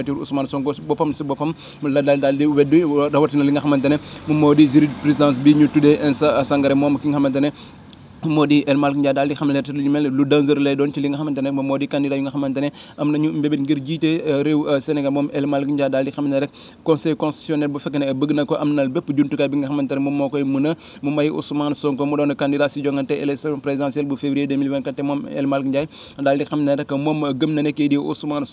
candidature Ousmane Sonko si boppam si boppam la daal daal di weddi rawatina li nga xamante ne moom moo di jury présidence bi ñu tuddee a Sangaré moom ki nga xamante ne moo di El Malick Ndiaye moom moo di candidat yi nga euh, euh, di xam ne rek moom moo koy jongante élection présidentielle bu février 2024 moom El moom gëm na ne kii di Ousmane nga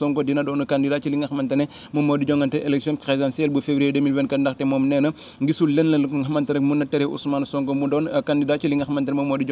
xamante rek mën na tere Ousmane Sonko mu doon candidat ci li nga xamante moom moo di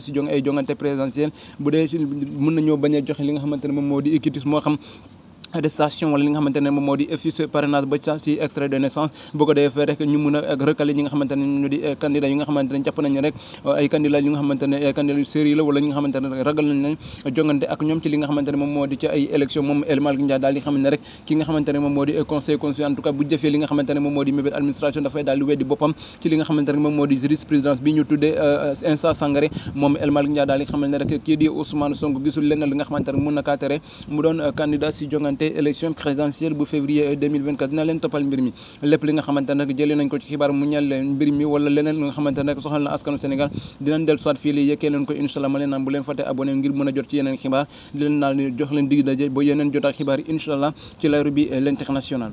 candidat si jong ay jongante présidentielle bu dee mën nañoo bañ a joxe li nga xamante ne moom moo di équitus moo xam attestation wala li nga xamante moom moo di fiche parrainage ba ci extrait de naissance bu ko defee rek ñu mun a recalé ñu nga xamante moom moo di ci ay bi ñu tuddee Insa Sangaré moom El Malick Ndiaye daal di nga kii di Ousmane Sonko gisul lenn li nga xamante mun na kaa tere mu doon candidat si jongante reporté élection présidentielle bu février 2024 dina leen toppal mbir mi lépp li nga xamante nag jëlee nañ ko ci xibaar mu ñal mbir mi wala leneen li nga xamante nag soxal na askanu Sénégal dinañ del soit fii li yekkee leen ko incha allah ma leen naan bu leen fàtte abonné ngir mën a jot ci yeneen xibaar di leen naal jox leen dig daje ba yeneen jotaat xibaar yi incha allah ci layru bi l'international